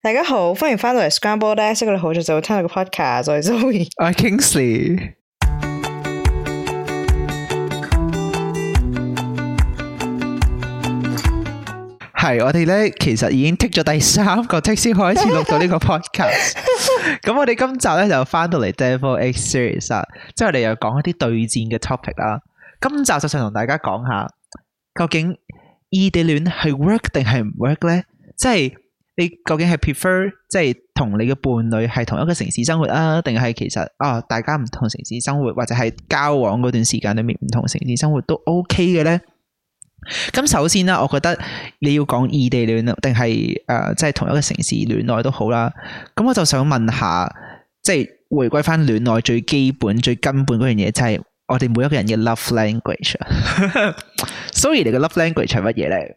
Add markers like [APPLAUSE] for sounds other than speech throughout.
大家好，歡迎翻到嚟 Scramble 咧，識佢你好耐就聽佢個 podcast。我係 Zoe，我係 Kingsley。係我哋咧，其實已經剔咗第三個 tick 先開始錄到呢個 podcast。咁 [LAUGHS] [LAUGHS] 我哋今集咧就翻到嚟 Deviled Egg Series 啊，即係我哋又講一啲對戰嘅 topic 啦。今集就想同大家講下，究竟異地戀係 work 定係唔 work 咧？即係。你究竟係 prefer 即係同你嘅伴侶係同一個城市生活啊，定係其實啊，哦、大家唔同城市生活，或者係交往嗰段時間裏面唔同城市生活都 OK 嘅咧？咁首先啦，我覺得你要講異地戀定係誒即係同一個城市戀愛都好啦，啊。咁我就想問下，即、就、係、是、回歸翻戀愛最基本、最根本嗰樣嘢，就係我哋每一個人嘅 love language。 [LAUGHS] Sorry，你嘅 love language 係乜嘢咧？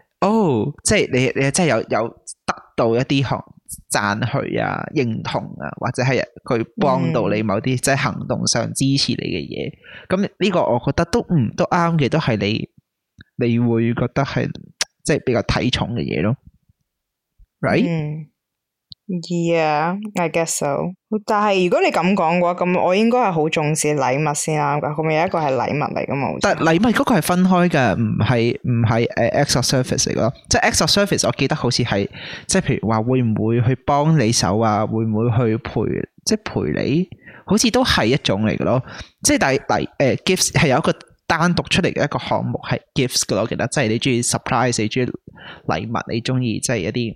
哦，oh, 即係你你真係有有得到一啲同讚許啊、認同啊，或者係佢幫到你某啲、mm. 即係行動上支持你嘅嘢，咁呢個我覺得都唔都啱嘅，都係你你會覺得係即係比較睇重嘅嘢咯，right？、Mm. yeah，I guess so。但係如果你咁講嘅話，咁我應該係好重視禮物先啱噶。咁咪有一個係禮物嚟噶嘛？但禮物嗰個係分開嘅，唔係唔係誒，acts of service 嚟咯。即係 acts of service，我記得好似係即係，譬如話會唔會去幫你手啊？會唔會去陪？即係陪你，好似都係一種嚟嘅咯。即係但係嚟、uh, 誒，gift 係有一個單獨出嚟嘅一個項目係 gift 噶咯。我記得即係、就是、你中意 surprise，你中意禮物，你中意即係一啲。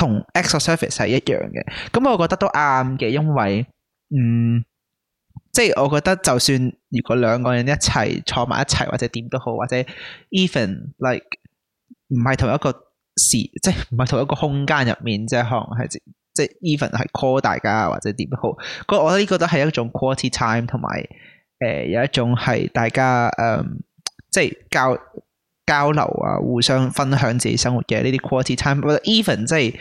同 extra service 係一樣嘅，咁我覺得都啱嘅，因為嗯，即係我覺得就算如果兩個人一齊坐埋一齊，或者點都好，或者 even like 唔係同一個時，即係唔係同一個空間入面，即係可能係即係 even 係 call 大家或者點都好，個我覺得呢個都係一種 quality time 同埋誒有一種係大家嗯即係教。交流啊，互相分享自己生活嘅呢啲 quality time，even 即係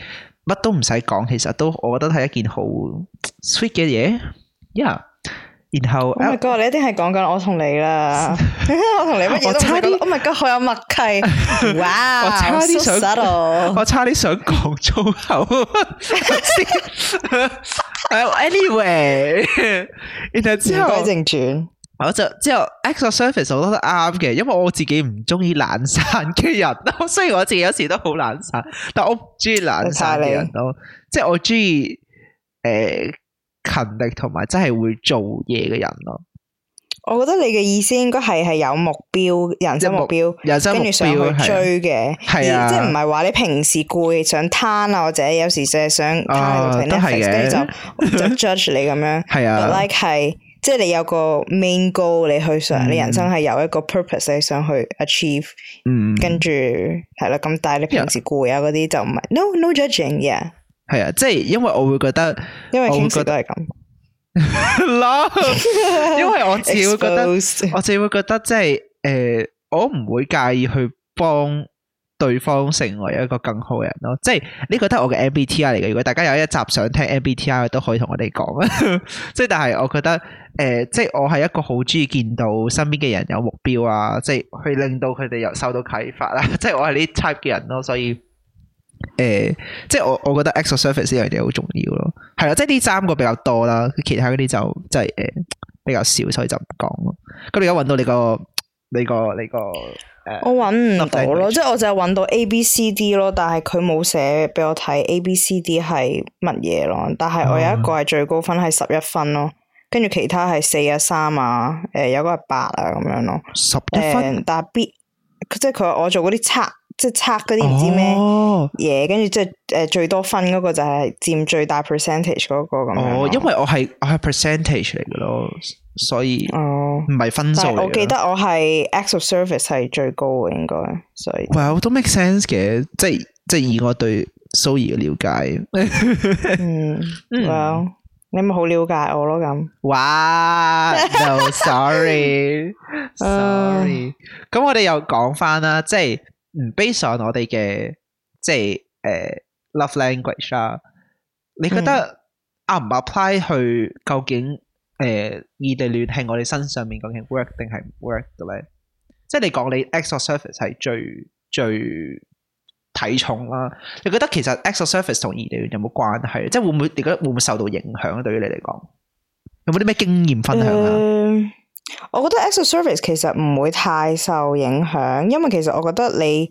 乜都唔使講，其實都我覺得係一件好 sweet 嘅嘢。yeah，然後我，你一定係講緊我同你啦，我同你乜嘢都唔講。我咪哥好有默契，哇！我差啲想，我差啲想講粗口。Anyway，然後之後言歸正傳。我就之後 e x t service 我都得啱嘅，因為我自己唔中意懶散嘅人。雖然我自己有時都好懶散，但我唔中意懶散嘅人咯。你即係我中意誒勤力同埋真係會做嘢嘅人咯。我覺得你嘅意思應該係係有目標人生目標，跟住想去追嘅，即係唔係話你平時攰，想攤啊，或者有時者 flix,、啊、就係想都係嘅，我就 judge 你咁樣係 [LAUGHS] 啊，like 係。即係你有個 main goal，你去上，嗯、你人生係有一個 purpose，你想去 achieve，嗯，跟住係啦，咁但係你平時固有嗰啲就唔係 Yeah.，no no judging，yeah. 係啊，即係因為我會覺得，因為我覺得係咁，因為我自己會覺得，Exposed. 我自己會覺得即係誒，我唔會介意去幫。對方成為一個更好嘅人咯，即係呢個都係我嘅 MBTI 嚟嘅。如果大家有一集想聽 MBTI，都可以同我哋講啊。即 [LAUGHS] 係但係我覺得，誒、呃，即係我係一個好中意見到身邊嘅人有目標啊，即係去令到佢哋又受到啟發啦。即係我係呢 type 嘅人咯，所以，誒、呃，即係我我覺得 extra service 呢樣嘢好重要咯。係啊，即係呢三個比較多啦，其他嗰啲就即係誒比較少，所以就唔講咯。咁你而家搵到你個。呢個呢個，uh, 我揾唔到咯，嗯、即係我就係揾到 A、B、C、D 咯，但係佢冇寫俾我睇 A、B、C、D 係乜嘢咯。但係我有一個係最高分係十一分咯，跟住其他係四啊三啊，誒有嗰個係八啊咁樣咯。十一分，嗯、但係 B，即係佢話我做嗰啲測，即係測嗰啲唔知咩嘢、哦，跟住即係誒最多分嗰個就係佔最大 percentage 嗰個咁。哦，因為我係我係 percentage 嚟噶咯。所以哦，唔係分數，我記得我係 acts of service 係最高嘅，應該。所以，Well，我都 make sense 嘅，即係即係以我對 Zoe 嘅了解。 [LAUGHS] 嗯，Well，嗯，你咪好了解我咯咁。哇，sorry sorry，咁我哋又講翻啦，即係唔 base on 我哋嘅即係誒 love language 啦。你覺得 apply 唔 apply 去究竟？誒，異、呃、地戀係我哋身上面講嘅 work 定係唔 work 嘅咧？即、就、係、是、你講你 exosurface 係最最體重啦，你覺得其實 exosurface 同異地戀有冇關係？即、就、係、是、會唔會你覺得會唔會受到影響？對於你嚟講，有冇啲咩經驗分享啊、嗯？我覺得 exosurface 其實唔會太受影響，因為其實我覺得你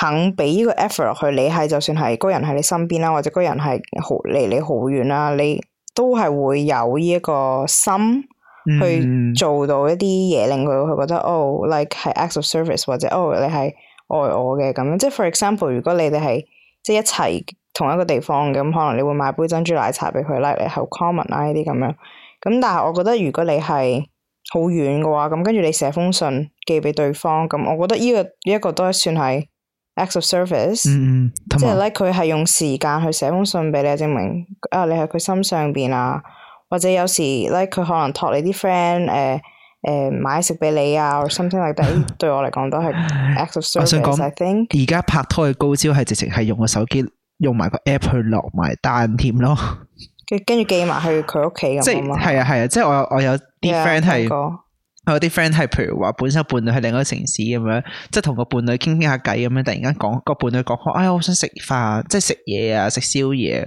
肯俾呢個 effort 落去，你係就算係嗰人喺你身邊啦，或者嗰人係好離你好遠啦，你。都係會有呢一個心去做到一啲嘢，mm. 令佢佢覺得哦、oh，like 係 acts of service 或者哦，oh，你係愛我嘅咁樣。即係 for example，如果你哋係即係一齊同一個地方咁，可能你會買杯珍珠奶茶俾佢，like 係 common 啊呢啲咁樣。咁但係我覺得，如果你係好遠嘅話，咁跟住你寫封信寄俾對方咁，我覺得呢個呢一個都係算係。act of service、嗯、即係咧佢係用時間去寫封信俾你證明，啊你喺佢心上邊啊，或者有時咧佢可能託你啲 friend，誒誒買食俾你啊，或 something 對我嚟講都係 act of service。我想講，而家拍拖嘅高招係直情係用個手機，用埋個 app 去落埋單添咯，跟住寄埋去佢屋企咁啊。係啊係啊，即係我我有啲 friend 係。有啲 friend 係，譬如話本身伴侶喺另一個城市咁樣，即係同個伴侶傾傾下偈咁樣，突然間講個伴侶講開，哎呀，我想食飯，即係食嘢啊，食宵夜，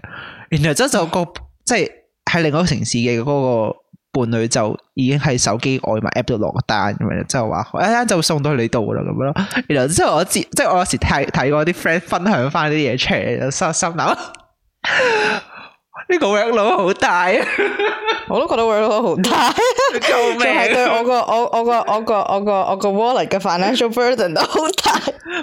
然後之後就個即係喺另一個城市嘅嗰個伴侶就已經喺手機外賣 app 度落單咁樣，就話一陣就送到你度噶啦咁樣咯。然後之後我接，即係我有時睇睇啲 friend 分享翻啲嘢出嚟，就心心諗。 [LAUGHS] 呢個 workload 好大，我都覺得 workload 好大，仲係對我個我我個我個我個我個 wallet 嘅 financial burden 都好大。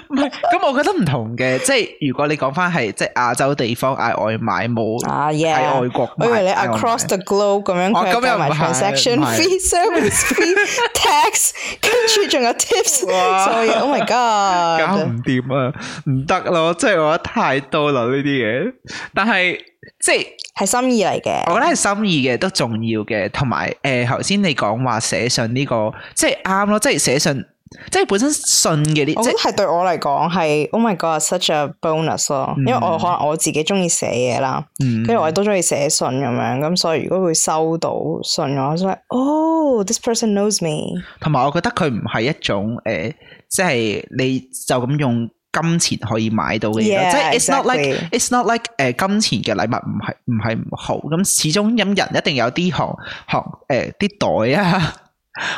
唔係，咁我覺得唔同嘅，即係如果你講返係即係亞洲地方嗌外賣冇喺外國，我以為你 across the globe 咁樣佢又加埋 transaction fee、service fee、tax，跟住仲有 tips，所以 oh my god，搞唔掂啊，唔得咯，即係我覺得太多啦呢啲嘢，但係。即係心意嚟嘅，我覺得係心意嘅都重要嘅，同埋誒、頭、呃、先你講話寫信呢、這個，即係啱咯，即係寫信，即係本身信嘅呢啲，即係對我嚟講係 oh my god such a bonus 咯，因為我、嗯、可能我自己中意寫嘢啦，跟住我亦都中意寫信咁、嗯、樣，咁所以如果會收到信我就係哦、like，oh，this person knows me，同埋我覺得佢唔係一種誒、呃，即係你就咁用。金錢可以買到嘅，嘢，即係 It's not like It's not like 誒、uh,，金錢嘅禮物唔係唔係唔好，咁始終有人一定有啲項項誒，啲、呃、袋啊，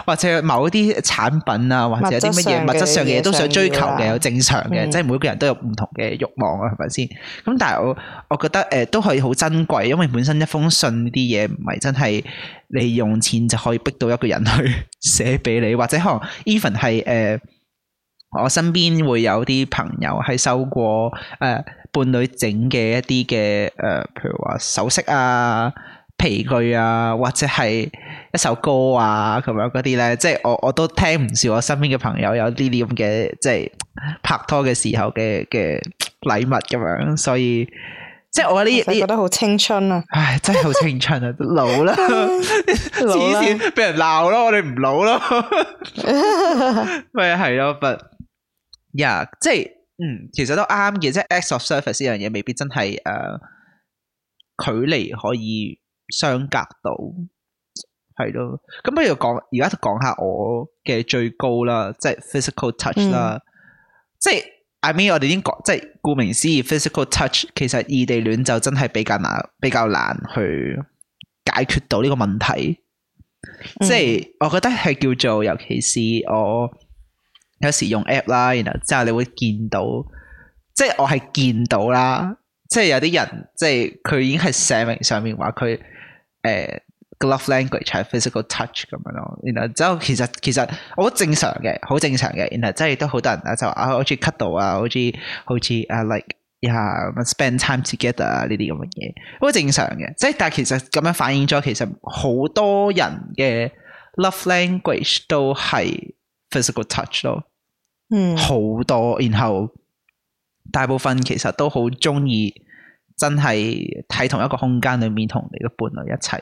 或者某啲產品啊，或者有啲乜嘢物質上嘅嘢都想追求嘅，有、啊、正常嘅，嗯、即係每一個人都有唔同嘅欲望啊，係咪先？咁但係我我覺得誒、呃，都可以好珍貴，因為本身一封信呢啲嘢唔係真係你用錢就可以逼到一個人去寫俾你，或者可能 even 係誒。呃我身邊會有啲朋友係收過誒伴侶整嘅一啲嘅誒，譬如話首飾啊、皮具啊，或者係一首歌啊，咁樣嗰啲咧，即係我我都聽唔住。我身邊嘅朋友有啲啲咁嘅，即係拍拖嘅時候嘅嘅禮物咁樣，所以即係我啲覺得好青春啊！唉 [LAUGHS] 了，真係好青春啊，老啦，黐綫，俾人鬧咯，我哋唔老咯，咩係咯不？對呀，yeah，即係，嗯，其實都啱嘅，即係 act of service 呢樣嘢，未必真係誒、呃，距離可以相隔到，係咯。咁不如講，而家就講下我嘅最高啦，即係 physical touch 啦，嗯、即係 I mean，我哋已應該即係顧名思義，physical touch 其實異地戀就真係比較難，比較難去解決到呢個問題。嗯、即係我覺得係叫做，尤其是我。有時用 app 啦，然後之後你會見到，即係我係見到啦，嗯、即係有啲人，即係佢已經係寫明上面話佢誒 love language 係 physical touch 咁樣咯。然後之後其實其實好正常嘅，好正常嘅。然後即係都好多人啊，就啊、like，好似 cut 度啊，好似好似啊，like 呀，咁 spend time together 啊，呢啲咁嘅嘢，好正常嘅。即係但係其實咁樣反映咗，其實好多人嘅 love language 都係 physical touch 咯。好多，然後大部分其實都好中意，真係喺同一個空間裏面同你嘅伴侶一齊，誒、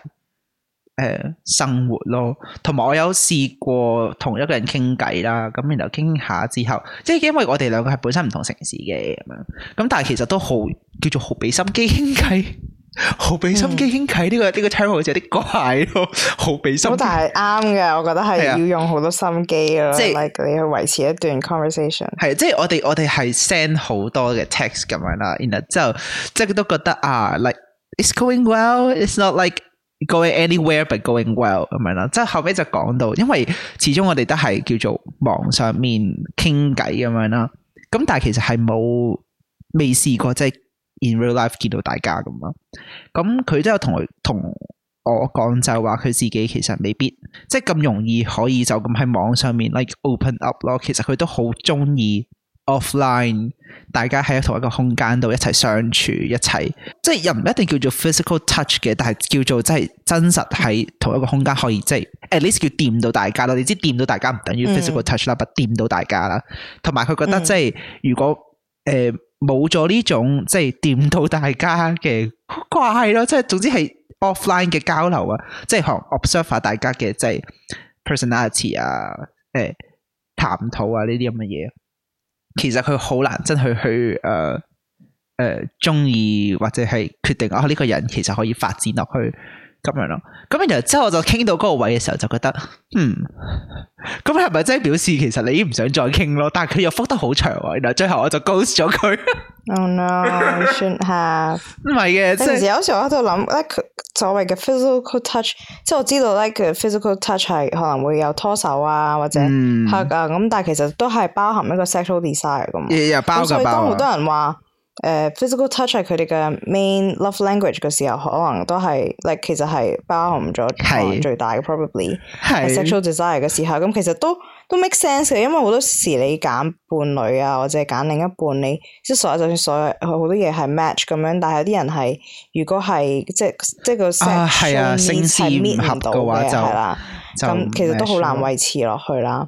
呃、生活咯。同埋我有試過同一個人傾偈啦，咁然後傾下之後，即係因為我哋兩個係本身唔同城市嘅咁樣，咁但係其實都好叫做好俾心機傾偈。 [LAUGHS] 好俾心機傾偈，呢個呢個 term 好似有啲怪咯。好俾心機，但係啱嘅，我覺得係要用好多心機咯，即係你去維持一段 conversation。係，即係我哋我哋係 send 好多嘅 text 咁樣啦，然之後即係佢都覺得啊，like it's going well，it's not like going anywhere but going well 咁樣啦。即係後尾就講到，因為始終我哋都係叫做網上面傾偈咁樣啦。咁但係其實係冇未試過即係。In real life 見到大家咁咯，咁佢都有同同我講就話佢自己其實未必即係咁容易可以就咁喺網上面 like open up 咯，其實佢都好中意 offline 大家喺同一個空間度一齊相處一齊，即係又唔一定叫做 physical touch 嘅，但係叫做即係真實喺同一個空間可以即係 at least 叫掂到大家咯。你知掂到大家唔等於 physical touch 啦，但係掂到大家啦。同埋佢覺得即係 mm. 如果誒。呃冇咗呢種即係掂到大家嘅好怪咯，即係總之係 offline 嘅交流啊，即係學 observe 大家嘅即係 personality 啊，誒，談吐啊呢啲咁嘅嘢，其實佢好難真係去誒誒中意或者係決定啊呢個人其實可以發展落去。咁樣咯，咁然之後我就傾到嗰個位嘅時候，就覺得，嗯，咁係咪真係表示其實你已唔想再傾咯？但係佢又復得好長啊，然後最後我就告 h 咗佢。Oh no, shouldn't have。 [LAUGHS] 唔係嘅，即係有時候我喺度諗咧，佢所謂嘅 physical touch，即係我知道咧，佢 physical touch 係可能會有拖手啊，或者係啊，咁、嗯、但係其實都係包含一個 sexual desire 咁。亦又、yeah, yeah, 包含。好多人話。誒、uh, physical touch 係佢哋嘅 main love language 嘅時候，可能都係其實係包含咗最大嘅是 probably sexual desire 嘅時候，咁其實都都 make sense 嘅，因為好多時你揀伴侶啊，或者係揀另一半，你即係所有就算所有好多嘢係 match 咁樣，但係有啲人係如果係即即個 sexual 係 match 唔到嘅話就，嗯、就咁、嗯、其實都好難維持落去啦。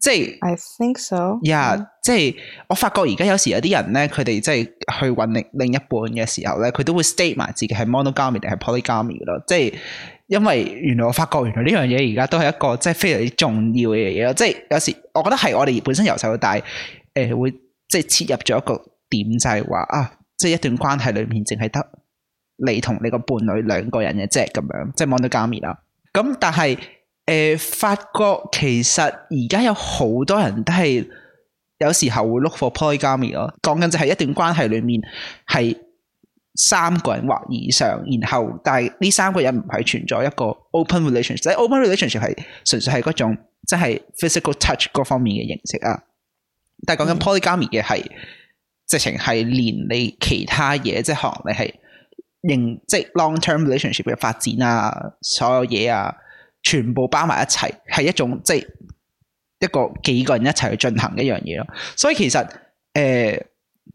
即係，呀 I think so. Yeah，即係我發覺而家有時有啲人咧，佢哋即係去搵另另一半嘅時候咧，佢都會 state 埋自己係 monogamy 定係 polygamy 咯。即係因為原來我發覺原來呢樣嘢而家都係一個即係非常之重要嘅嘢咯。即係有時我覺得係我哋本身由細到大誒、呃、會即係切入咗一個點就，就係話啊，即係一段關係裏面淨係得你同你個伴侶兩個人嘅，即係咁樣，即係 monogamy 啦。咁但係。但誒、呃，發覺其實而家有好多人都係有時候會 look for polygamy 咯。講緊就係一段關係裏面係三個人或以上，然後但係呢三個人唔係存在一個 open relationship，即係 open relationship 係純粹係嗰種即係 physical touch 嗰方面嘅形式啊。但係講緊 polygamy 嘅係直情係連你其他嘢，即係可能你係認即係 long term relationship 嘅發展啊，所有嘢啊。全部包埋一齊，係一種，即係一個幾個人一齊去進行一樣嘢咯。所以其實誒、呃，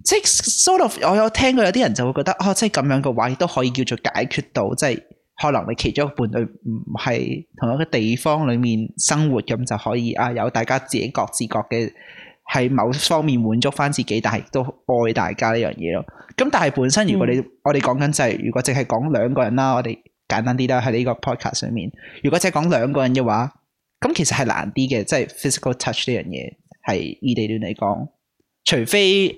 即係 s o sort of，我有聽過有啲人就會覺得，哦，即係咁樣嘅話亦都可以叫做解決到，即係可能你其中一個伴侶唔係同一個地方裏面生活，咁就可以啊，有大家自己各自各嘅喺某方面滿足翻自己，但係都愛大家呢樣嘢咯。咁但係本身如果你、嗯、我哋講緊就係如果淨係講兩個人啦，我哋。簡單啲啦，喺呢個 podcast 上面。如果只係講兩個人嘅話，咁其實係難啲嘅，即係 physical touch 呢樣嘢，係異地戀嚟講。除非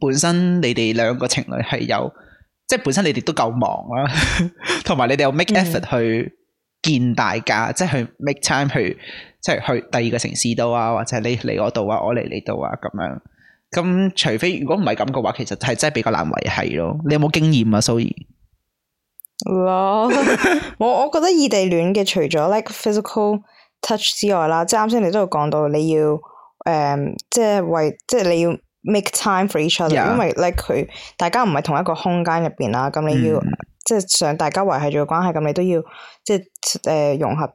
本身你哋兩個情侶係有，即係本身你哋都夠忙啦、啊，同 [LAUGHS] 埋你哋有 make effort 去見大家，即係去、嗯、make time 去，即係去第二個城市度啊，或者你嚟我度啊，我嚟你度啊咁樣。咁除非如果唔係咁嘅話，其實係真係比較難維係咯。你有冇經驗啊，Zoe？咯，Lord. [LAUGHS] 我我覺得異地戀嘅除咗 like physical touch 之外啦，即係啱先你都有講到，你要誒、um, 即係為即係你要 make time for each other，Yeah. 因為 like 佢大家唔係同一個空間入邊啦，咁你要、嗯、即係想大家維繫住個關係，咁你都要即係誒、uh, 融合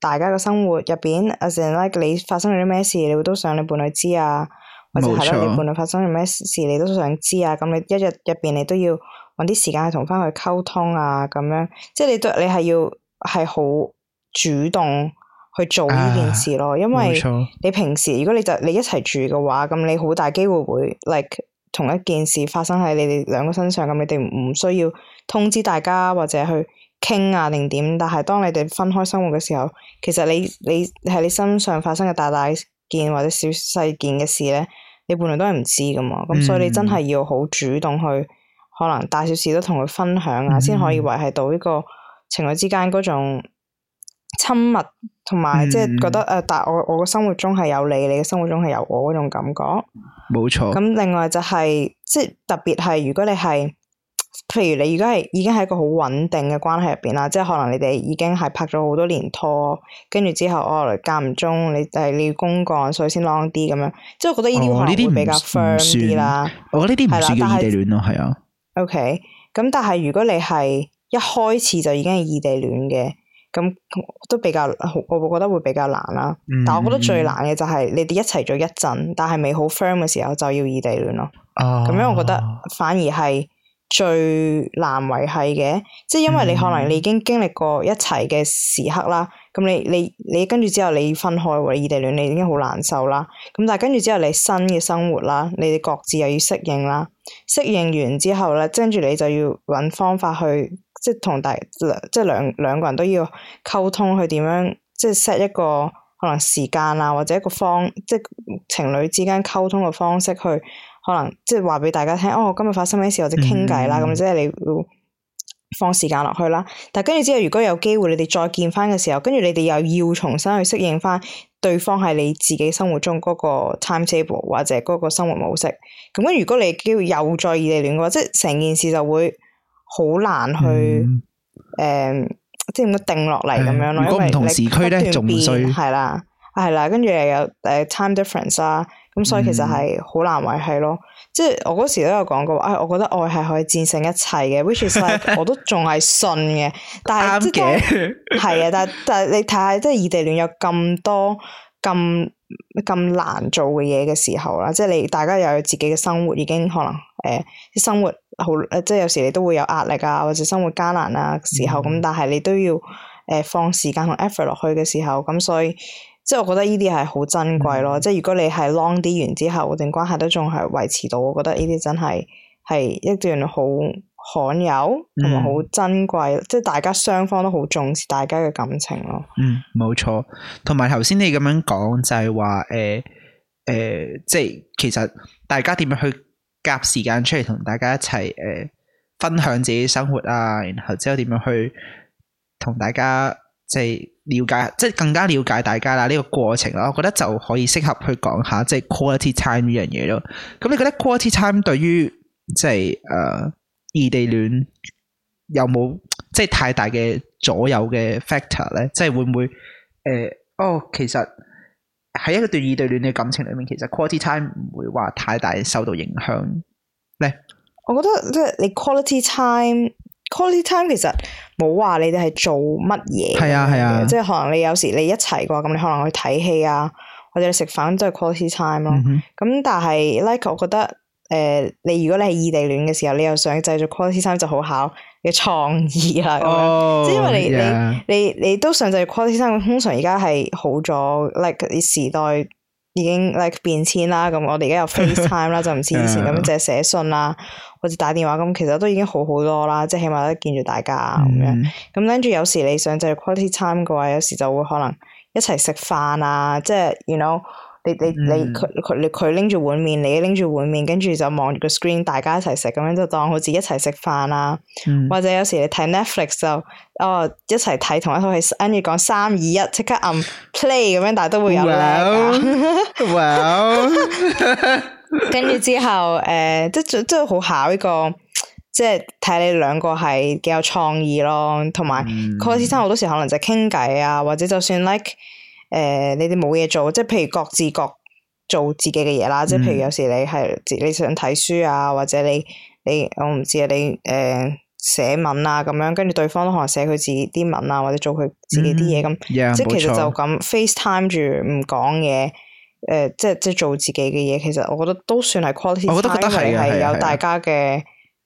大家嘅生活入邊，As in like 你發生咗啲咩事，你會都想你伴侶知啊，或者係咧你伴侶發生咗咩事你都想知啊，咁錯你，你，啊、你一日入邊你都要。搵啲時間去同翻佢溝通啊，咁樣，即係你都你係要係好主動去做呢件事咯，啊、因為沒錯 你平時如果你就你一齊住嘅話，咁你好大機會會 like 同一件事發生喺你哋兩個身上，咁你哋唔需要通知大家或者去傾啊定點，但係當你哋分開生活嘅時候，其實你你喺你，你身上發生嘅大大件或者小細件嘅事咧，你本來都係唔知噶嘛，咁、嗯、所以你真係要好主動去。可能大小事都同佢分享啊，先、嗯、可以維繫到呢個情侶之間嗰種親密，同埋即係覺得誒、嗯呃，但我我嘅生活中係有你，你嘅生活中係有我嗰種感覺。冇錯錯。咁另外就係、是、即係特別係，如果你係，譬如你而家係已經係一個好穩定嘅關係入邊啦，即係可能你哋已經係拍咗好多年拖，跟住之後哦，間、喔、唔中你誒你要公幹，所以先 long 啲咁樣，即係我覺得呢啲可能會比較 firm 啲啦。我覺得呢啲唔算叫異地戀咯，係啊。但但 OK，咁但係如果你係一開始就已經係異地戀嘅，咁都比較，我我覺得會比較難啦、啊。嗯、但係我覺得最難嘅就係你哋一齊咗一陣，但係未好 friend 嘅時候就要異地戀咯。咁樣、啊、我覺得反而係最難維繫嘅，即係因為你可能你已經經歷過一齊嘅時刻啦。咁你你你跟住之後你要分開喎，你異地戀你已經好難受啦。咁但係跟住之後你的新嘅生活啦，你哋各自又要適應啦。適應完之後咧，跟住你就要揾方法去，即係同大兩，即係兩兩個人都要溝通去點樣，即係 set 一個可能時間啊，或者一個方，即係情侶之間溝通嘅方式去，可能即係話俾大家聽。哦，今日發生咩事，或者傾偈啦，咁、嗯、即係你要，放時間落去啦，但係跟住之後，如果有機會你哋再見翻嘅時候，跟住你哋又要重新去適應翻對方係你自己生活中嗰個 time table 或者嗰個生活模式。咁樣如果你機會又再異地戀嘅話，即係成件事就會好難去誒、嗯呃，即係點樣定落嚟咁樣咯。如果因為唔同時區咧，仲衰係啦，係啦，跟住又有誒 time difference 啦。咁所以其實係好難維係咯，嗯、即係我嗰時都有講過，哎，我覺得愛係可以戰勝一切嘅 [LAUGHS] ，which is like 我都仲係信嘅。啱嘅，係啊，但但你睇下，即係異地戀有咁多、咁咁難做嘅嘢嘅時候啦，即係你大家又有自己嘅生活，已經可能誒啲、呃、生活好，即係有時你都會有壓力啊，或者生活艱難啊時候咁，嗯、但係你都要誒放時間同 effort 落去嘅時候，咁所以。即係我覺得呢啲係好珍貴咯，嗯、即係如果你係 long 啲完之後，定關係都仲係維持到，我覺得呢啲真係係一段好罕有同埋好珍貴，嗯、即係大家雙方都好重視大家嘅感情咯。嗯，冇錯。同埋頭先你咁樣講就係話，誒、呃、誒、呃，即係其實大家點樣去夾時間出嚟同大家一齊，誒、呃，分享自己生活啊，然後之後點樣去同大家。即係了解，即係更加了解大家啦。呢個過程啦，我覺得就可以適合去講下即係 quality time 呢樣嘢咯。咁你覺得 quality time 對於即係誒異地戀有冇即係太大嘅左右嘅 factor 咧？即係會唔會誒？哦，其實喺一個段異地戀嘅感情裏面，其實 quality time 唔會話太大受到影響。咧，我覺得即係你 quality time。Quality time 其實冇話你哋係做乜嘢？係啊係啊，啊即係可能你有時你一齊嘅話，咁你可能去睇戲啊，或者你食飯都係 quality time 咯、啊。咁、嗯、哼但係 like 我覺得，誒、呃，你如果你係異地戀嘅時候，你又想製造 quality time 就好考嘅創意啦、啊，哦、即係因為你 yeah. 你你你都想製造 quality time，通常而家係好咗，like 啲時代已經 like 變遷啦。咁我哋而家有 FaceTime 啦，就唔似以前咁，淨係寫信啦。好似打電話咁，其實都已經好好多啦，即係起碼都見住大家啊咁、嗯、樣。咁跟住有時你想就係、quality time 嘅話，有時就會可能一齊食飯啊，即係 you know，你你、嗯、你佢佢拎住碗麵，你拎住碗麵，跟住就望住個 screen，大家一齊食咁樣就當好似一齊食飯啊。嗯、或者有時你睇 Netflix 就哦、呃、一齊睇同一套戲，跟住講三二一，即刻按、um，play 咁樣，但係都會有 [LAUGHS] 跟住之後，誒、呃，即係即係好考呢個，即係睇你兩個係幾有創意咯，同埋開始生活好多時可能就傾偈啊，或者就算 like 誒你哋冇嘢做，即係譬如各自各做自己嘅嘢啦，即係譬如有時你係你想睇書啊，或者你你我唔知啊，你誒、呃、寫文啊咁樣，跟住對方都可能寫佢自己啲文啊，或者做佢自己啲嘢咁，嗯、即係沒錯 其實就咁 FaceTime 住唔講嘢。Face 誒、呃，即係即係做自己嘅嘢，其實我覺得都算係 quality time，因為係有大家嘅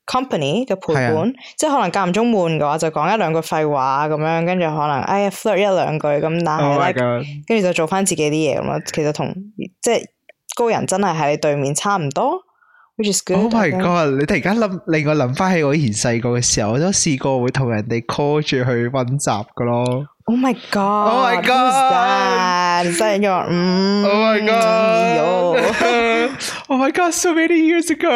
company 嘅陪伴，的即係可能間唔中悶嘅話，就講一兩句廢話咁樣，跟住可能哎呀 flirt 一兩句咁，但係跟住就做翻自己啲嘢咁咯。其實同即係高人真係喺你對面差唔多，which is good。Oh my god，I guess。你突然間諗，令我諗翻起我以前細個嘅時候，我都試過會同人哋 call 住去溫習噶咯。Oh my god！Oh my god！所以又唔重要 Oh my god！Oh [LAUGHS] my god！so many years ago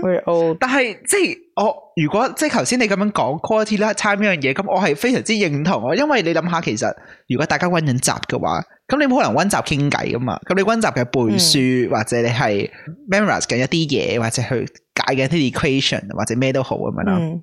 're 但。但係即係我如果即係頭先你咁樣講 quality time 呢樣嘢，咁我係非常之認同啊，因為你諗下其實如果大家溫緊習嘅話，咁你冇可能溫習傾偈噶嘛？咁你溫習嘅背書、嗯、或者你係 memorize 緊一啲嘢，或者去解緊啲 equation 或者咩都好咁樣啦。嗯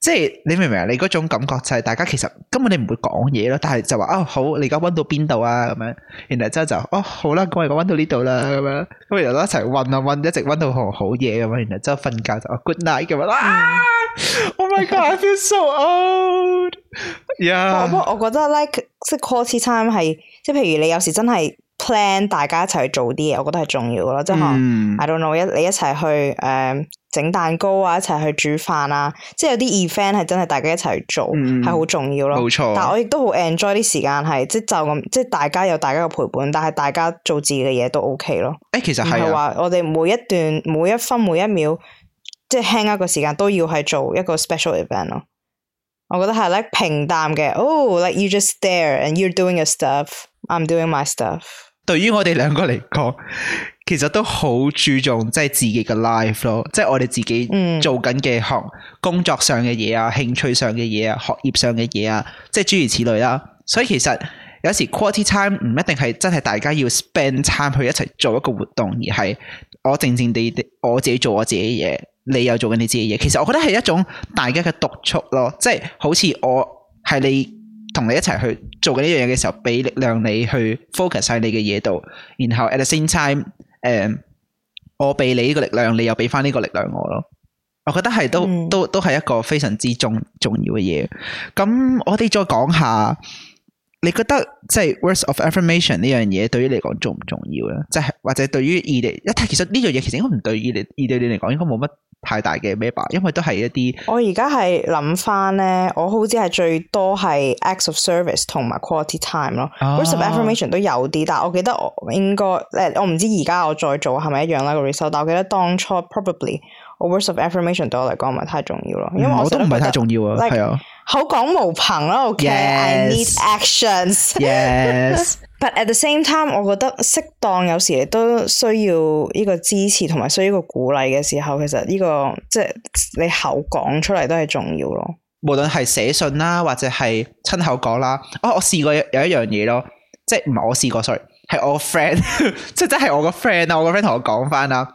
即係你明唔明啊？你嗰種感覺就係大家其實根本你唔會講嘢咯，但係就話啊、哦、好，你而家溫到邊度啊咁樣？然後之後就哦好啦，咁我而家溫到呢度啦咁樣，咁咪又一齊溫啊溫，一直溫到好好嘢咁樣。然後之後瞓覺就、哦、Good night 咁樣。 [LAUGHS] 啊 oh my god I feel so old yeah 爸爸。不過我覺得 like 識得 call 即 call time 係即係譬如你有時真係。plan 大家一齊去做啲嘢，我覺得係重要咯，即、就、係、是嗯、I don't know 一你一齊去誒整、uh, 蛋糕啊，一齊去煮飯啊，即、就、係、是、有啲 event 係真係大家一齊去做係好、嗯、重要咯。冇錯，但係我亦都好 enjoy 啲時間係即就咁、是，即、就、係、是、大家有大家嘅陪伴，但係大家做自己嘅嘢都 OK 咯、欸。其實係話我哋每一段每一分每一秒，即係輕一個時間都要係做一個 special event 咯。我覺得係 like 平淡嘅，oh like you just there and you're doing your stuff, I'm doing my stuff。對於我哋兩個嚟講，其實都好注重即係自己嘅 life 咯，即係我哋自己做緊嘅行、工作上嘅嘢啊、興趣上嘅嘢啊、學業上嘅嘢啊，即係諸如此類啦。所以其實有時 quality time 唔一定係真係大家要 spend time 去一齊做一個活動，而係我靜靜地，我自己做我自己嘅嘢，你又做緊你自己嘢。其實我覺得係一種大家嘅督促咯，即係好似我係你。同你一齊去做緊呢樣嘢嘅時候，俾力量你去 focus 喺你嘅嘢度，然後 at the same time，誒，我俾你呢個力量，你又俾翻呢個力量我咯，我覺得係都、嗯、都都係一個非常之重重要嘅嘢。咁我哋再講下。你覺得即係 words of affirmation 呢樣嘢對於嚟講重唔重要咧？即係或者對於異地戀，其實呢樣嘢其實應該唔對於異地戀對你嚟講應該冇乜太大嘅咩吧？因為都係一啲我而家係諗翻咧，我好似係最多係 acts of service 同埋 quality time 咯。啊、words of affirmation 都有啲，但我記得我應該誒，我唔知而家我再做係咪一樣啦個 result 但我記得當初 probably。words of affirmation 對我嚟講唔係太重要咯，因為我都唔係、嗯、太重要啊，係啊 Like, 是的，口講無憑咯。Okay，I Yes, need actions。 [LAUGHS] Yes，but at the same time，我覺得適當有時亦都需要呢個支持同埋需要一個鼓勵嘅時候，其實呢、這個即係、就是、你口講出嚟都係重要咯。無論係寫信啦，或者係親口講啦，啊、哦，我試過有一樣嘢咯，即係唔係我試過，sorry，係我 friend，即係真係我個 friend 啊，我個 friend 同我講翻 [LAUGHS] 啦。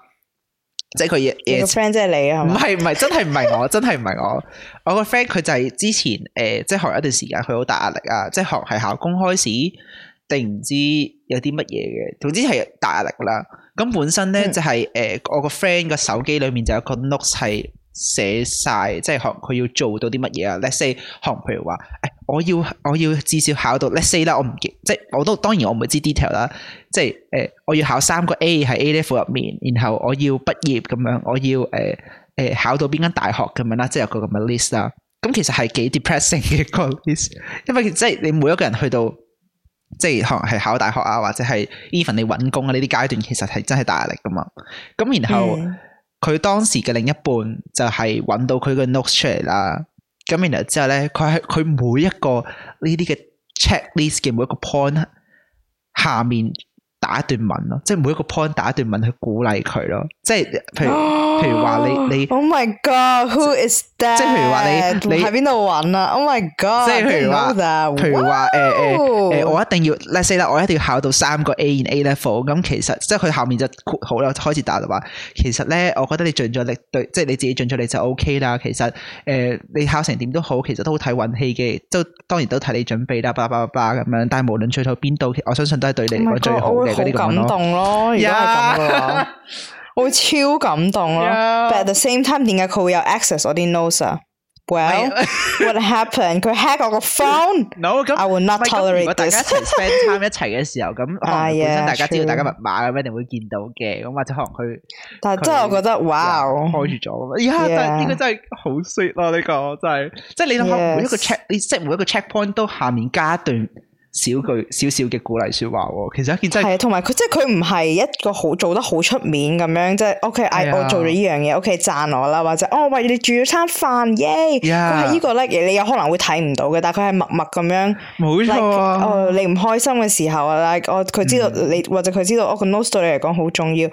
即係佢嘢，friend 即係你啊？唔係唔係，真係唔係我，真係唔係我。 [LAUGHS] 我個 friend 佢就係之前誒，即、呃、係、就是、學一段時間，佢好大壓力啊！即、就、係、是、學係考公開試，定唔知有啲乜嘢嘅。總之係大壓力啦。咁本身咧就係、是、誒、呃，我個 friend 個手機裏面就有個 note 係。寫晒即係學佢要做到啲乜嘢啊？Let's say 學，譬如話，誒，我要我要至少考到 Let's say 啦，我唔記得，即係我都當然我唔會知 detail 啦。即係誒、呃，我要考三個 A 喺 A-level 入面，然後我要畢業咁樣，我要誒誒、呃呃、考到邊間大學咁樣啦，即係有個咁嘅 list 啦。咁其實係幾 depressing 嘅一個 [LAUGHS] list，因為即係你每一個人去到即係可能係考大學啊，或者係 even 你搵工啊呢啲階段，其實係真係大壓力噶嘛。咁然後。Mm. 佢當時嘅另一半就係揾到佢嘅 notes 出嚟啦，咁然後之後咧，佢喺佢每一個呢啲嘅 checklist 嘅每一個 point 下面，打一段文咯，即係每一個 point 打一段文去鼓勵佢咯，即係譬如噢譬如話你你，Oh my God，Who is that？即係譬如話你你喺邊度揾啊？Oh my God，即係譬如話，no oh、譬如話誒誒誒，我一定要 Let's say 啦，我一定要考到三個 A in A level。咁其實即係佢後面就好啦，開始打就話，其實咧，我覺得你盡咗力對，即係你自己盡咗力就 OK 啦。其實誒、呃，你考成點都好，其實都好睇運氣嘅，都當然都睇你準備啦，叭叭叭咁樣。但係無論最後邊度，我相信都係對你嚟講，oh、my 最好嘅。Oh 好感動咯，如果係咁嘅話，我超感動咯。But at the same time，點解佢會有 access 我啲 notes 啊？Well，What happened？佢 hack 我個 phone？No，咁。I will not tolerate this。如果大家成班參一齊嘅時候，咁本身大家知道大家密碼嘅，一定會見到嘅。咁或者可能佢，但係真係我覺得，哇！我開住咗，而家真係呢個真係好 sweet 咯。呢個真係，即係你諗下，每一個 check，你即係每一個 checkpoint 都下面加一段。少句少少嘅鼓勵說話喎，其實一件真係啊，同埋佢即係佢唔係一個好做得好出面咁樣，即係 OK，嗌、哎哎、呀 我做咗呢樣嘢，OK 讚我啦，或者哦喂，你煮咗餐飯，耶！啊 Yeah、這個，依個 like 嘢你有可能會睇唔到嘅，但係佢係默默咁樣冇錯、啊、哦，你唔開心嘅時候啊 like 我佢知道你，嗯、或者佢知道我個 note 對你嚟講好重要。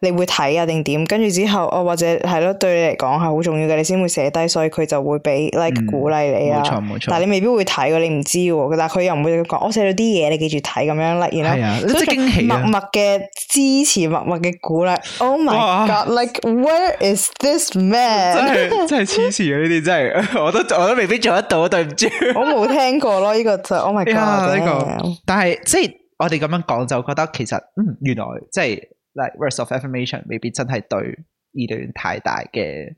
你會睇啊，定點跟住之後，哦或者係咯，對你嚟講係好重要嘅，你先會寫低，所以佢就會俾 like 鼓勵你啊。冇錯冇錯，但係你未必會睇噶，你唔知喎。但係佢又唔會講，我寫咗啲嘢，你記住睇咁樣啦。然之後默默嘅支持，默默嘅鼓勵。Oh my god，like where is this man？真係真係支持啊！呢啲真係，我都我都未必做得到，對唔住。我冇聽過咯，呢個就 Oh my god，呢個。但係即係我哋咁樣講，就覺得其實原來即係。Like words of affirmation，未必真係對異地戀太大嘅，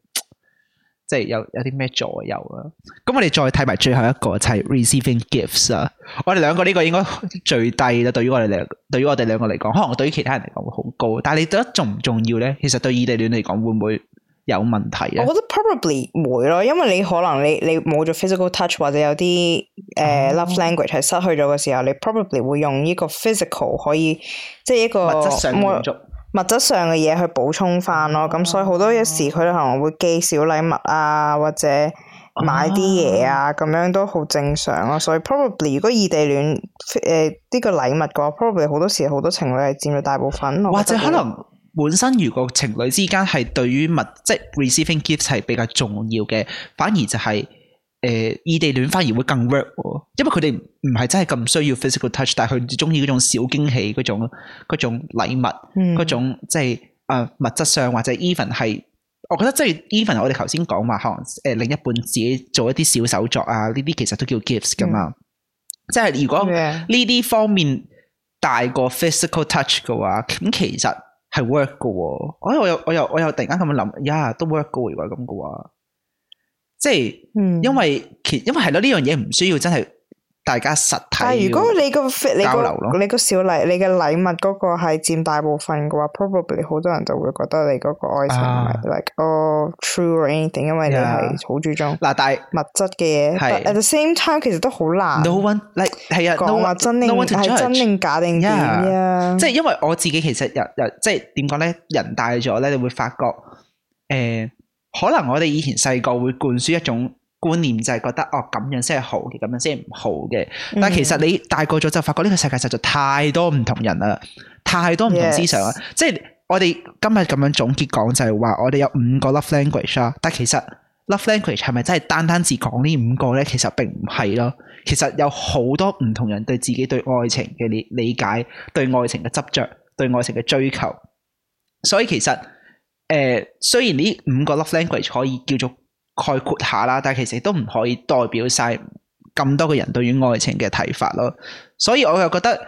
即係有有啲咩左右啊。咁我哋再睇埋最後一個，就係、是、receiving gifts 啊。我哋兩個呢個應該最低啦。 [LAUGHS] 對於我哋兩，對於我哋兩個嚟講，可能對於其他人嚟講會好高。但係你覺得重唔重要咧？其實對異地戀嚟講，會唔會？有問題啊！我覺得 probably 會咯，因為你可能你你冇咗 physical touch 或者有啲誒、呃、love language 係失去咗嘅時候，你 probably 會用呢個 physical 可以即係一個物質上嘅嘢去補充翻咯。咁、嗯、所以好多時佢、嗯、可能會寄小禮物啊，或者買啲嘢啊，咁、嗯、樣都好正常咯。所以 probably 如果異地戀誒呢、呃呢個禮物嘅話，probably 好多時好多情侶係佔咗大部分，覺或者可能。本身如果情侶之間係對於物質即係、就是、receiving gifts 係比較重要嘅，反而就係誒異地戀反而會更 work 因為佢哋唔係真係咁需要 physical touch，但係佢哋中意嗰種小驚喜嗰種嗰種禮物，嗰種即係誒物質上或者 even 係我覺得即係 even 我哋頭先講話可能誒另一半自己做一啲小手作啊，呢啲其實都叫 gifts 噶嘛。嗯、即係如果呢啲方面大過 physical touch 嘅話，咁其實。係 work 嘅喎，哦哎，我又我又我又我又突然間咁樣諗，呀都 work 嘅，如果咁嘅話，即係，因為其、嗯、因為係咯，呢樣嘢唔需要真係。大家實體交流，但如果你個小禮，你嘅禮物嗰個係佔大部分嘅話，probably 好多人就會覺得你嗰個愛情，啊，唔係 like 哦，oh, true or anything，因為你係好注重。嗱，啊啊，但物質嘅嘢，但係 at the same time 其實都好難。No one 係啊，講話真定係真定假定點呀？即係因為我自己其實人又即係點講咧？人大咗咧，你會發覺誒，呃，可能我哋以前細個會灌輸一種。觀念就係覺得哦，咁樣先係好嘅，咁樣先係唔好嘅。但其實你大個咗就發覺呢個世界實在太多唔同人啦，太多唔同思想啦。Yes. 即係我哋今日咁樣總結講就係話，我哋有五個 love language 啦。但其實 love language 係咪真係單單只講呢五個呢？其實並唔係咯。其實有好多唔同人對自己對愛情嘅理理解、對愛情嘅執着、對愛情嘅追求。所以其實誒、呃，雖然呢五個 love language 可以叫做。概括下啦，但係其實都唔可以代表晒咁多個人對於愛情嘅睇法咯。所以我又覺得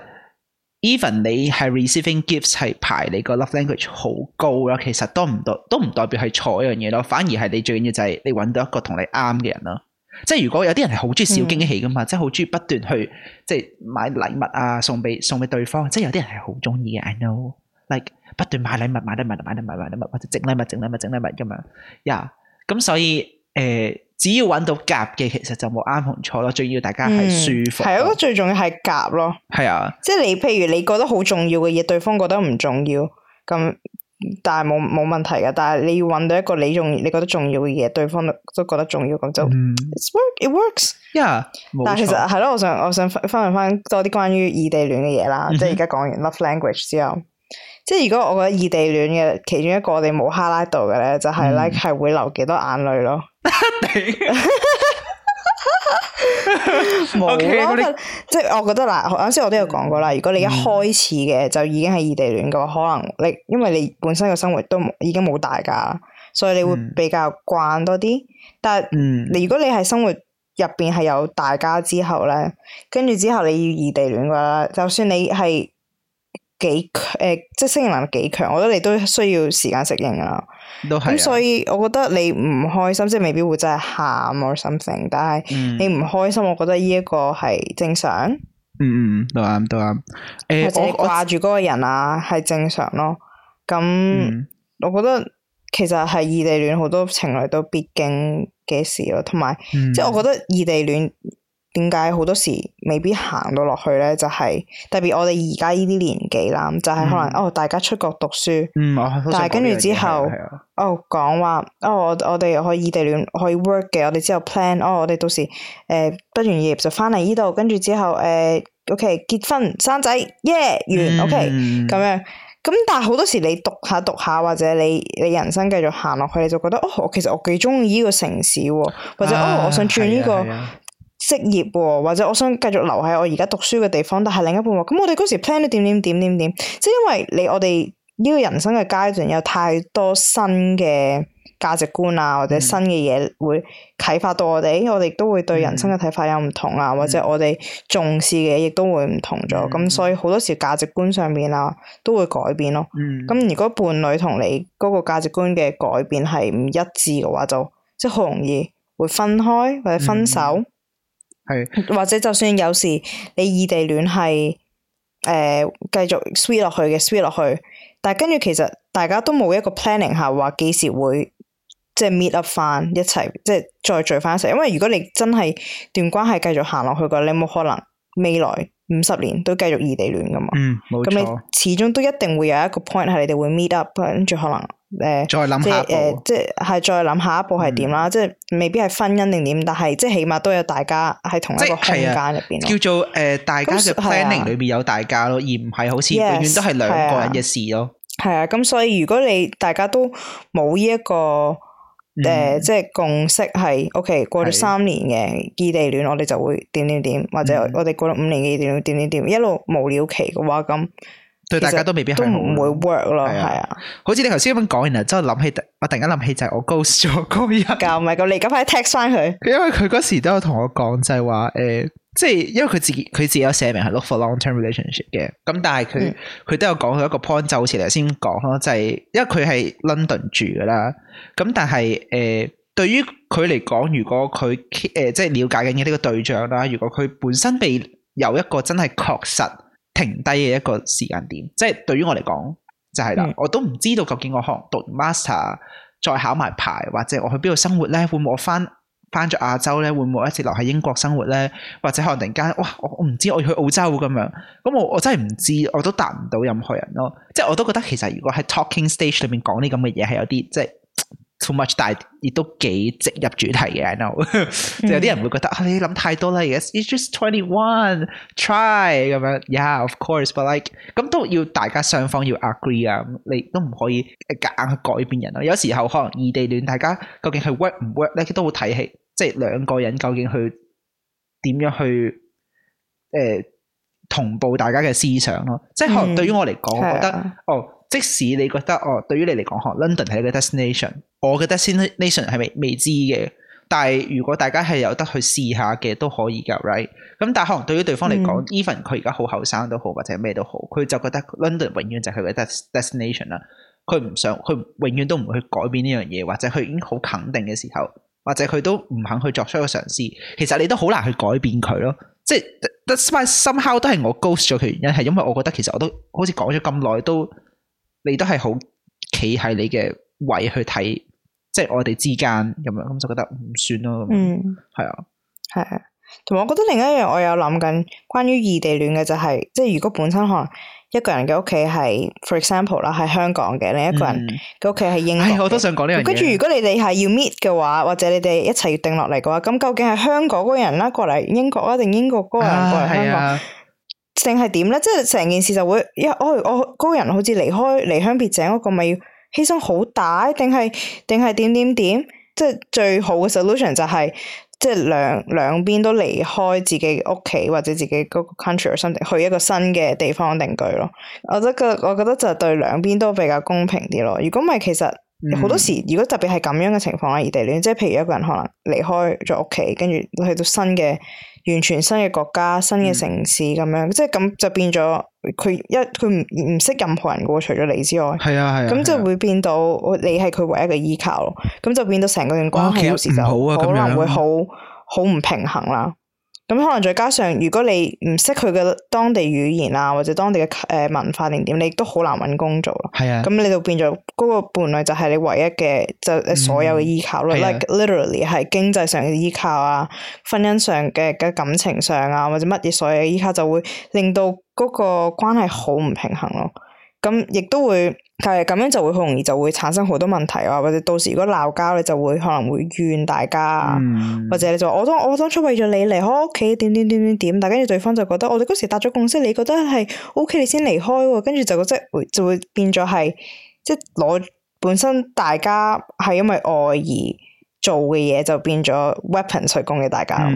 ，Even 你係 receiving gifts 係排你個 love language 好高咯，其實都唔都都唔代表係錯一樣嘢咯。反而係你最緊要就係你揾到一個同你啱嘅人咯。即係如果有啲人係好中意小驚喜噶嘛，即係好中意不斷去即係買禮物啊送俾送俾對方，即係有啲人係好中意嘅。I know，like 不斷買禮物買啲買啲買啲買禮物或者整禮物整禮物整禮物噶嘛。Yeah，咁所以。誒，只要揾到夾嘅，其實就冇啱同錯咯。最要大家係舒服，係、嗯、啊，最重要係夾咯。係啊，即係你，譬如你覺得好重要嘅嘢，對方覺得唔重要，咁但係冇冇問題㗎。但係你要揾到一個你重你覺得重要嘅嘢，對方都覺得重要，咁、嗯、就，it's work, it works。yeah，、嗯、但係其實係咯、啊，我想我想分享返多啲關於異地戀嘅嘢啦，嗯、哼即係而家講完 love language 之後，即係如果我覺得異地戀嘅其中一個我哋冇 highlight 到嘅咧，就係 like 係會流幾多眼淚咯。嗯冇咯，即係我覺得嗱，啱先我都有講過啦。如果你一開始嘅就已經係異地戀嘅話，可能你因為你本身嘅生活都已經冇大家，所以你會比較慣多啲。但係嗯你如果你係生活入邊係有大家之後咧，跟住之後你要異地戀嘅話，就算你係。幾誒、呃，即係適應能力幾強，我覺得你都需要時間適應是啊。都係。咁所以我覺得你唔開心，即係未必會真係喊或者 something，但係你唔開心，嗯、我覺得呢一個係正常。嗯嗯，都啱都啱。誒，或者掛住嗰個人啊，係、欸，正常咯。咁我，我覺得其實係異地戀好多情侶都必經嘅事咯，同埋、嗯、即係我覺得異地戀，點解好多時未必行到落去咧？就係特別我哋而家呢啲年紀啦，就係可能哦，大家出國讀書，但係跟住之後哦，講話哦，我我哋可以異地戀，可以 work 嘅，我哋之後 plan，哦，我哋到時誒畢完業就翻嚟呢度，跟住之後誒，OK 結婚生仔耶、完，OK 咁樣。咁但係好多時你讀下讀下，或者你你人生繼續行落去，你就覺得哦，其實我幾中意呢個城市喎，或者哦，我想轉呢個。職業，或者我想繼續留喺我而家讀書嘅地方，但係另一半話咁，我哋嗰時 plan 咗點點點點點，即係因為你我哋呢個人生嘅階段有太多新嘅價值觀啊，或者新嘅嘢會啟發到我哋，嗯、我哋都會對人生嘅睇法有唔同啊，嗯、或者我哋重視嘅嘢亦都會唔同咗，咁、嗯、所以好多時價值觀上面啊，都會改變咯、啊。咁、嗯、如果伴侶同你嗰個價值觀嘅改變係唔一致嘅話，就即係好容易會分開或者分手。嗯是或者就算有時你異地戀係誒繼續 sweet 落去嘅 sweet 落去，但係跟住其實大家都冇一個 planning 下話幾時會即係、就是、meet up 翻一齊即係再聚翻一齊，因為如果你真係段關係繼續行落去嘅話，你冇可能未來。五十年都繼續異地戀噶嘛？嗯，冇錯，咁你始終都一定會有一個 point 係你哋會 meet up，跟住可能誒，呃、再諗下，誒，即係再諗下一步係點、呃、啦。嗯、即係未必係婚姻定點，但係即係起碼都有大家喺同一個空間入邊。叫做誒、呃，大家嘅 planning 裏邊有大家咯，那啊、而唔係好似永遠都係兩個人嘅事咯。係啊，咁、啊啊、所以如果你大家都冇呢一個。誒、嗯呃，即係共識係，OK，過咗三年嘅異地戀，我哋就會點點點，或者我哋過咗五年嘅異地戀，點點點，一路無聊期嘅話，咁對大家都未必好，都唔會 work 咯，係啊。好似你頭先咁樣講完之後，諗起我突然間諗起就係我 ghost 咗高一 t 唔係個你咁快 text 翻佢。因為佢嗰時都有同我講就係話誒。欸即係因為佢自己佢自己有寫明係 look for long term relationship 嘅，咁但係佢佢都有講佢一個 point 就好似頭先講咯，就係、就是、因為佢係 London 住噶啦，咁但係誒、呃、對於佢嚟講，如果佢誒即係了解緊嘅呢個對象啦，如果佢本身被有一個真係確實停低嘅一個時間點，即、就、係、是、對於我嚟講就係啦，嗯、我都唔知道究竟我學讀 master 再考埋牌，或者我去邊度生活咧，會唔會翻。翻咗亞洲咧，會唔會一直留喺英國生活咧？或者可能突然間，哇！我我唔知我要去澳洲咁樣，咁我我真係唔知，我都答唔到任何人咯。即係我都覺得其實如果喺 talking stage 裏面講呢咁嘅嘢係有啲即係。即係 too much，但係亦都幾直入主題嘅。I know，就 [LAUGHS] 有啲人會覺得、mm. 啊，你諗太多啦。Yes，it's just twenty one，try 咁樣。Yeah，of course，but like 咁都要大家雙方要 agree 啊。你都唔可以夾硬去改變人啊。有時候可能異地戀，大家究竟係 work 唔 work 咧，都會睇起，即、就、係、是、兩個人究竟去點樣去誒、呃、同步大家嘅思想咯。即係可能對於我嚟講，mm. 我覺得 Yeah. 哦。即使你覺得哦，對於你嚟講，London 係一個 destination，我嘅 destination 係未未知嘅。但係如果大家係有得去試下嘅，都可以㗎，right？咁但係可能對於對方嚟講，even 佢而家好後生都好，或者咩都好，佢就覺得 London 永遠就係佢嘅 destination 啦。佢唔想，佢永遠都唔去改變呢樣嘢，或者佢已經好肯定嘅時候，或者佢都唔肯去作出一個嘗試，其實你都好難去改變佢咯。即係 somehow 都係我 ghost 咗佢原因，係因為我覺得其實我都好似講咗咁耐都。都你都係好企喺你嘅位去睇，即係我哋之間咁樣，咁就覺得唔算咯。嗯，係啊，係啊。同埋，我覺得另一樣我有諗緊關於異地戀嘅就係，即係如果本身可能一個人嘅屋企係，for example 啦，係香港嘅，另一個人嘅屋企係英國。係，嗯，哎，我都想講呢樣嘢。跟住，如果你哋係要 meet 嘅話，或者你哋一齊要定落嚟嘅話，咁究竟係香港嗰人啦過嚟英國啊，定英國嗰人過嚟香港？啊定係點咧？即係成件事就會，一、哎哎，我我嗰、嗰個、人好似離開離鄉別井嗰個咪要犧牲好大，定係定係點點點？即係最好嘅 solution 就係、是，即係兩兩邊都離開自己屋企或者自己嗰個 country，去一個新嘅地方定居咯。我都覺得我覺得就係對兩邊都比較公平啲咯。如果唔係其實。好多時，如果特別係咁樣嘅情況啊，異地戀，即係譬如一個人可能離開咗屋企，跟住去到新嘅完全新嘅國家、新嘅城市咁、嗯、樣，即係咁就變咗佢一佢唔唔識任何人嘅喎，除咗你之外，係啊係，咁、啊啊、就會變到你係佢唯一嘅依靠咯，咁、啊、就變到成個人關係有時就可能會好好唔平衡啦。咁可能再加上，如果你唔識佢嘅當地語言啊，或者當地嘅文化定點，你都好難揾工做咯。咁係啊 你就變咗嗰個伴侶就係你唯一嘅，就所有嘅依靠咯。嗯、like literally 係經濟上嘅依靠啊，婚姻上嘅，嘅感情上啊，或者乜嘢所有嘅依靠就會令到嗰個關係好唔平衡咯。咁亦都會。係咁樣就會好容易就會產生好多問題啊，或者到時如果鬧交你就會可能會怨大家啊，嗯、或者你就我當我當初為咗你離開屋企點點點點點，但跟住對方就覺得我哋嗰時達咗共識，你覺得係 OK 你先離開喎，跟住就覺得就會變咗係即係攞本身大家係因為愛而做嘅嘢，就變咗 weapon 去攻擊大家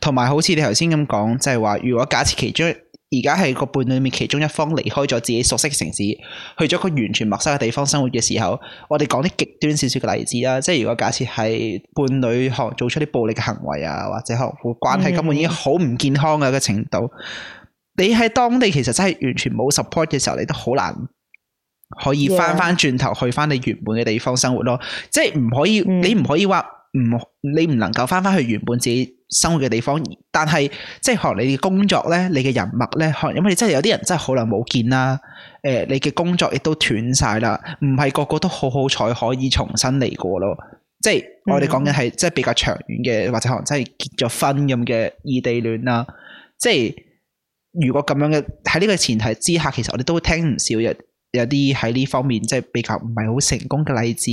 同埋好似你頭先咁講，就係、是、話如果假設其中。而家係個伴侶裏面其中一方離開咗自己熟悉嘅城市，去咗個完全陌生嘅地方生活嘅時候，我哋講啲極端少少嘅例子啦。即係如果假設係伴侶學做出啲暴力嘅行為啊，或者學個關係根本已經好唔健康嘅一個程度，嗯、你喺當地其實真係完全冇 support 嘅時候，你都好難可以翻翻轉頭去翻你原本嘅地方生活咯。即係唔可以，你唔可以話唔你唔能夠翻翻去原本自己。生活嘅地方，但係即係可能你嘅工作咧，你嘅人脈咧，可能因為你真係有啲人真係好耐冇見啦。誒、呃，你嘅工作亦都斷晒啦，唔係個個都好好彩可以重新嚟過咯。即係我哋講緊係即係比較長遠嘅，或者可能真係結咗婚咁嘅異地戀啊。即係如果咁樣嘅喺呢個前提之下，其實我哋都會聽唔少嘢。有啲喺呢方面即係比較唔係好成功嘅例子，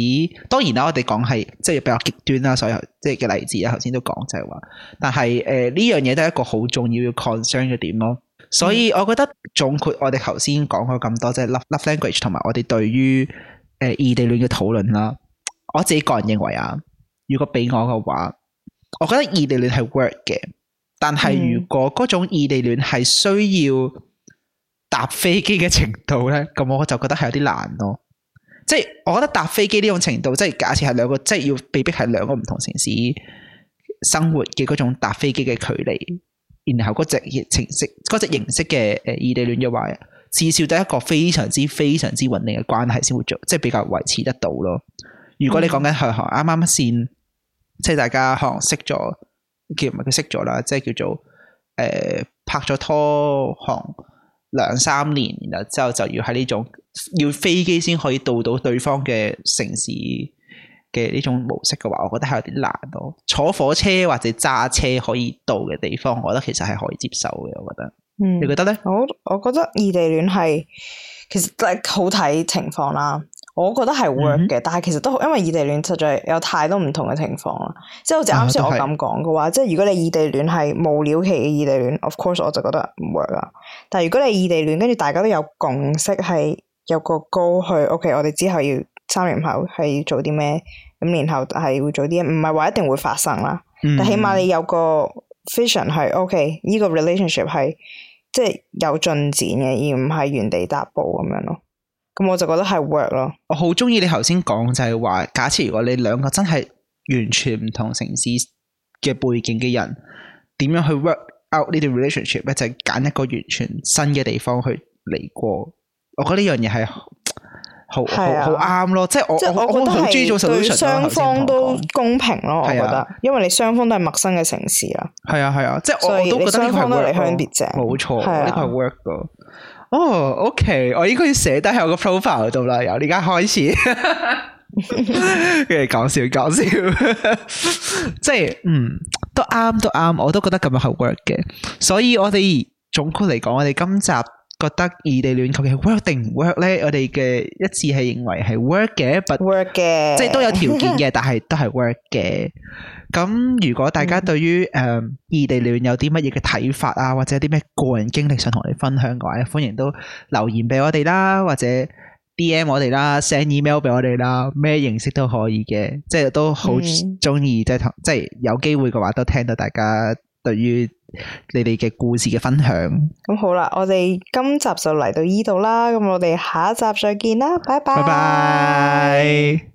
當然啦，我哋講係即係比較極端啦，所有即係嘅例子啊，頭先都講就係話，但係誒呢樣嘢都係一個好重要嘅 concern 嘅點咯，所以我覺得總括我哋頭先講咗咁多，即係 love language 同埋我哋對於誒異地戀嘅討論啦，我自己個人認為啊，如果俾我嘅話，我覺得異地戀係 work 嘅，但係如果嗰種異地戀係需要搭飛機嘅程度咧，咁我就覺得係有啲難咯。即係我覺得搭飛機呢種程度，即係假設係兩個，即係要被逼係兩個唔同城市生活嘅嗰種搭飛機嘅距離，然後嗰隻程式嗰隻形式嘅誒異地戀嘅話，至少第一個非常之非常之穩定嘅關係先會做，即係比較維持得到咯。如果你講緊去行啱啱一線，即係大家可能識咗，叫唔係佢識咗啦，即係叫做誒拍咗拖行。兩三年，然後之後就要喺呢種要飛機先可以到到對方嘅城市嘅呢種模式嘅話，我覺得係有啲難咯。坐火車或者揸車可以到嘅地方，我覺得其實係可以接受嘅。我覺得，嗯、你覺得呢？我我覺得異地戀係其實都係好睇情況啦、啊。我覺得係 work 嘅，嗯、哼但係其實都因為異地戀實在有太多唔同嘅情況啦。即係好似啱先我咁講嘅話，啊、即係如果你異地戀係無了期嘅異地戀，of course 我就覺得唔 work 啦。但係如果你異地戀跟住大家都有共識係有個 goal 去，OK，我哋之後要三年後係要做啲咩，咁然後係會做啲，唔係話一定會發生啦。但起碼你有個 vision 係 OK，呢個 relationship 係即係有進展嘅，而唔係原地踏步咁樣咯。咁我就覺得係 work 咯。我好中意你頭先講就係話，假設如果你兩個真係完全唔同城市嘅背景嘅人，點樣去 work out 呢啲 relationship 咧？就係揀一個完全新嘅地方去嚟過。我覺得呢樣嘢係好好好啱咯。即係我即係我好中意做 relationship 雙方都公平咯，我覺得，啊、因為你雙方都係陌生嘅城市啊。係啊係啊，即係我都覺得呢個係 work，冇錯，呢個係 work 噶。哦、oh,，OK，我應該要寫低喺我個 profile 度啦，由你而家開始。嘅講笑講, [LAUGHS] [LAUGHS] 笑，笑 [LAUGHS] 即係嗯都啱都啱，我都覺得咁樣係 work 嘅，所以我哋總括嚟講，我哋今集覺得異地戀究竟 work 定唔 work 咧？我哋嘅一致係認為係 work 嘅，butwork 嘅，即係都有條件嘅，但係都係 work 嘅。咁如果大家對於誒異地戀有啲乜嘢嘅睇法啊，或者有啲咩個人經歷想同我哋分享嘅話咧，歡迎都留言俾我哋啦，或者 DM 我哋啦，send email 俾我哋啦，咩形式都可以嘅，即係都好中意，即係同即係有機會嘅話都聽到大家。對於你哋嘅故事嘅分享，咁好啦，我哋今集就嚟到呢度啦，咁我哋下一集再見啦，拜拜。Bye bye